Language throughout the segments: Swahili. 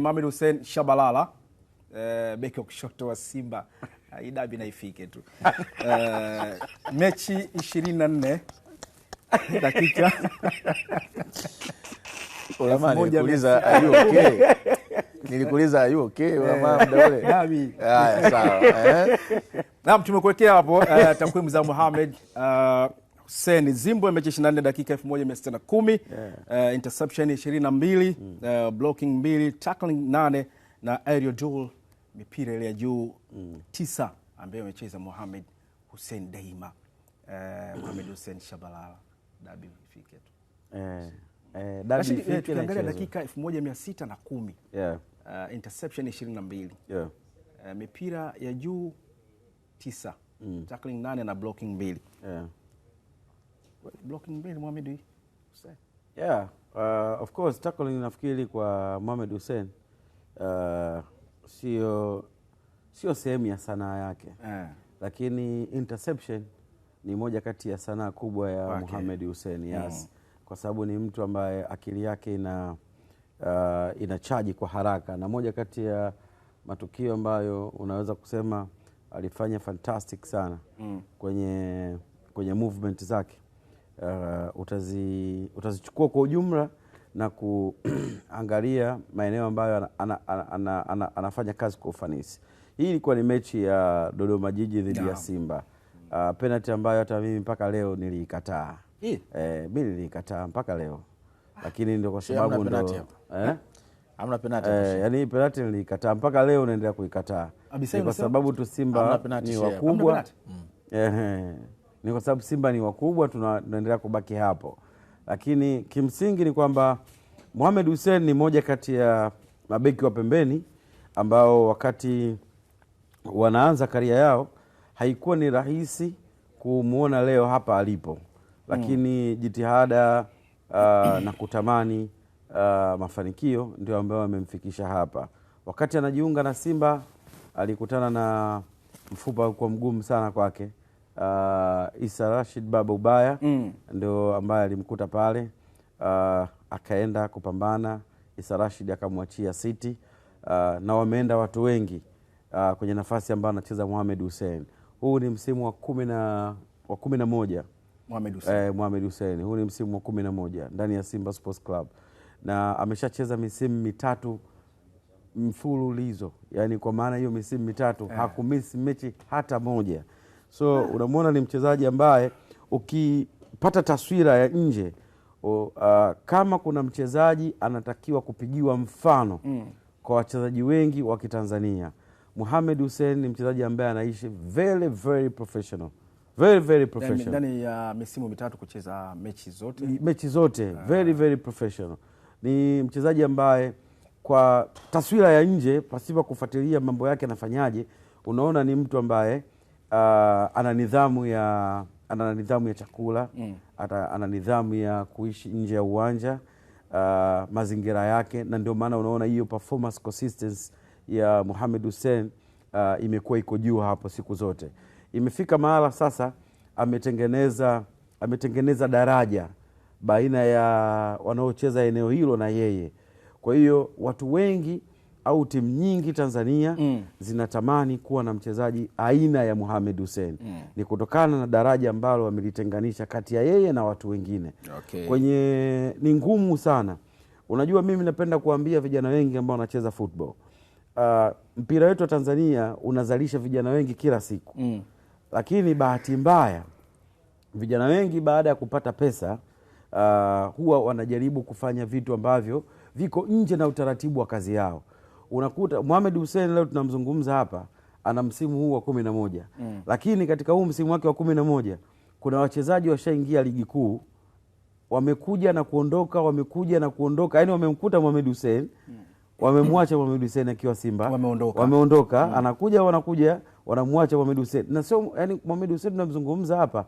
Mohamed Hussein Shabalala eh, beki wa kushoto wa Simba ah, idabi na tu eh, mechi 24 dakika nilikuuliza are you okay? nilikuuliza are you okay? mama ule Haya sawa. Eh. Naam, tumekuwekea hapo eh, takwimu za Mohamed uh, Hussein Zimbwe mechi 24 dakika 1610, yeah. uh, interception 22, mm. uh, blocking 2, tackling 8 na aerial duel mipira ile ya juu mm. tisa ambayo amecheza Mohamed Hussein Daima, uh, Mohamed Hussein Shabalala dabi ifike tu eh, eh, dabi eh, ifike, dakika 1610 yeah. uh, interception 22 yeah. uh, mipira ya juu tisa mm. tackling 8 na blocking 2 yeah block mbili Mohamed Hussein. Yeah, uh, of course tackling nafikiri kwa Mohamed Hussein uh, sio sio sehemu ya sanaa yake yeah. Lakini interception ni moja kati ya sanaa kubwa ya okay. Mohamed Hussein yes. Mm. Kwa sababu ni mtu ambaye akili yake ina uh, chaji kwa haraka na moja kati ya matukio ambayo unaweza kusema alifanya fantastic sana mm. kwenye, kwenye movement zake uh, utazi, utazichukua kwa ujumla na kuangalia maeneo ambayo ana, ana, ana, ana, ana, anafanya kazi kwa ufanisi. Hii ilikuwa ni mechi ya Dodoma Jiji dhidi ya Simba uh, penalti ambayo hata mimi mpaka leo niliikataa eh, mimi niliikataa mpaka leo lakini ndio kwa sababu ndio eh? Hamna penalti. Eh, yani penalti nilikataa mpaka leo naendelea kuikataa. Kwa sababu tu Simba ni wakubwa. Mm. Eh. eh, eh ni kwa sababu Simba ni wakubwa, tunaendelea kubaki hapo, lakini kimsingi ni kwamba Mohamed Hussein ni moja kati ya mabeki wa pembeni ambao wakati wanaanza karia yao haikuwa ni rahisi kumwona leo hapa alipo, lakini mm. jitihada uh, na kutamani uh, mafanikio ndio ambayo amemfikisha hapa. Wakati anajiunga na Simba alikutana na mfupa kwa mgumu sana kwake uh, Isa Rashid Baba Ubaya mm. ndio ambaye alimkuta pale uh, akaenda kupambana. Isa Rashid akamwachia City uh, na wameenda watu wengi uh, kwenye nafasi ambayo anacheza Mohamed Hussein. Huu ni msimu wa kumi na, wa kumi na moja Mohamed eh, Hussein. Eh, Hussein huu ni msimu wa kumi na moja ndani ya Simba Sports Club na ameshacheza misimu mitatu mfululizo, yaani kwa maana hiyo misimu mitatu eh, hakumisi mechi hata moja. So unamwona ni mchezaji ambaye ukipata taswira ya nje o, uh, kama kuna mchezaji anatakiwa kupigiwa mfano mm. kwa wachezaji wengi wa Kitanzania, Mohamed Hussein ni mchezaji ambaye anaishi very very professional very very professional ndani ya misimu mitatu kucheza mechi zote mechi zote uh. very very professional. Ni mchezaji ambaye kwa taswira ya nje pasipo kufuatilia mambo yake anafanyaje, unaona ni mtu ambaye uh, ana nidhamu ya ana nidhamu ya chakula mm. ana nidhamu ya kuishi nje ya uwanja uh, mazingira yake, na ndio maana unaona hiyo performance consistency ya Mohamed Hussein uh, imekuwa iko juu hapo siku zote. Imefika mahala sasa ametengeneza ametengeneza daraja baina ya wanaocheza eneo hilo na yeye, kwa hiyo watu wengi au timu nyingi Tanzania mm. zinatamani kuwa na mchezaji aina ya Mohamed Hussein mm. ni kutokana na daraja ambalo wamelitenganisha kati ya yeye na watu wengine okay. kwenye ni ngumu sana. Unajua, mimi napenda kuambia vijana wengi ambao wanacheza football uh, mpira wetu wa Tanzania unazalisha vijana wengi kila siku mm. lakini bahati mbaya vijana wengi baada ya kupata pesa uh, huwa wanajaribu kufanya vitu ambavyo viko nje na utaratibu wa kazi yao unakuta Mohamed Hussein leo tunamzungumza hapa ana msimu huu wa kumi na moja mm. lakini katika huu msimu wake wa kumi na moja kuna wachezaji washaingia ligi kuu wamekuja na kuondoka, wamekuja na kuondoka, yaani wamemkuta Mohamed Hussein mm. wamemwacha Mohamed Hussein akiwa Simba, wameondoka, wameondoka mm. anakuja, wanakuja wanamwacha Mohamed Hussein na sio, yaani Mohamed Hussein tunamzungumza hapa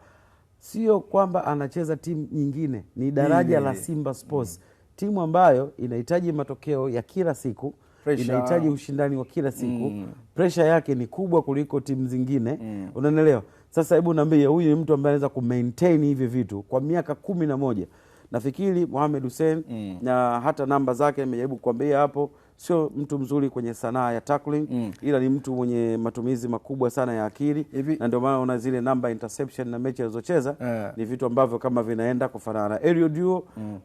sio kwamba anacheza timu nyingine, ni daraja mm. la Simba Sports mm. timu ambayo inahitaji matokeo ya kila siku inahitaji ushindani wa kila siku mm. Presha yake ni kubwa kuliko timu zingine mm. Unanielewa? Sasa hebu niambie, huyu ni mtu ambaye anaweza kumaintain hivi vitu kwa miaka kumi na moja nafikiri Mohamed Hussein mm. na hata namba zake nimejaribu kukwambia hapo, sio mtu mzuri kwenye sanaa ya tackling mm. ila ni mtu mwenye matumizi makubwa sana ya akili Ibi... na ndio maana una zile namba interception na mechi alizocheza yeah. ni vitu ambavyo kama vinaenda kufanana aerial duo mm. uh,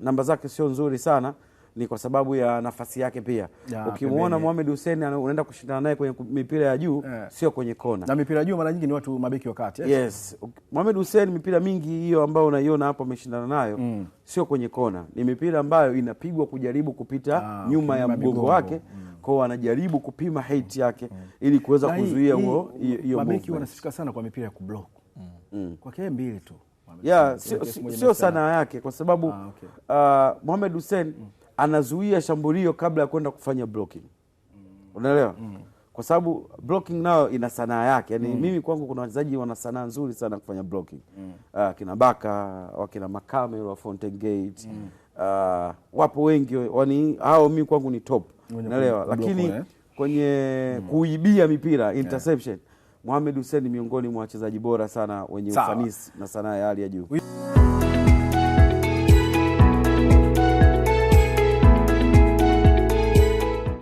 namba zake sio nzuri sana ni kwa sababu ya nafasi yake pia ya, ukimuona Mohamed Hussein unaenda kushindana naye kwenye mipira ya juu yeah. Sio kwenye kona na mipira ya juu mara nyingi ni watu mabeki wa kati eh? yes. Yes. Mohamed Hussein mipira mingi hiyo ambayo unaiona hapo ameshindana nayo mm. Sio kwenye kona, ni mipira ambayo inapigwa kujaribu kupita ah, nyuma ya mgongo wake mm. Kwao anajaribu kupima height mm. yake mm. Ili kuweza kuzuia huo hiyo mabeki wanasifika sana kwa mipira ya kublock mm. mm. kwa kile mbili tu ya sio sanaa yake kwa sababu ah, okay. uh, Mohamed Hussein mm anazuia shambulio kabla ya kwenda kufanya blocking. Unaelewa? mm. Kwa sababu blocking nayo ina sanaa yake yani, mm. mimi kwangu kuna wachezaji wana sanaa nzuri sana kufanya blocking mm. uh, kina Baka wakina Makame wa Fountain Gate mm. uh, wapo wengi wani hao, mimi kwangu ni top, unaelewa, lakini kwenye, eh? kwenye mm. kuibia mipira interception yeah. Mohamed Hussein miongoni mwa wachezaji bora sana wenye ufanisi na sanaa ya hali ya juu.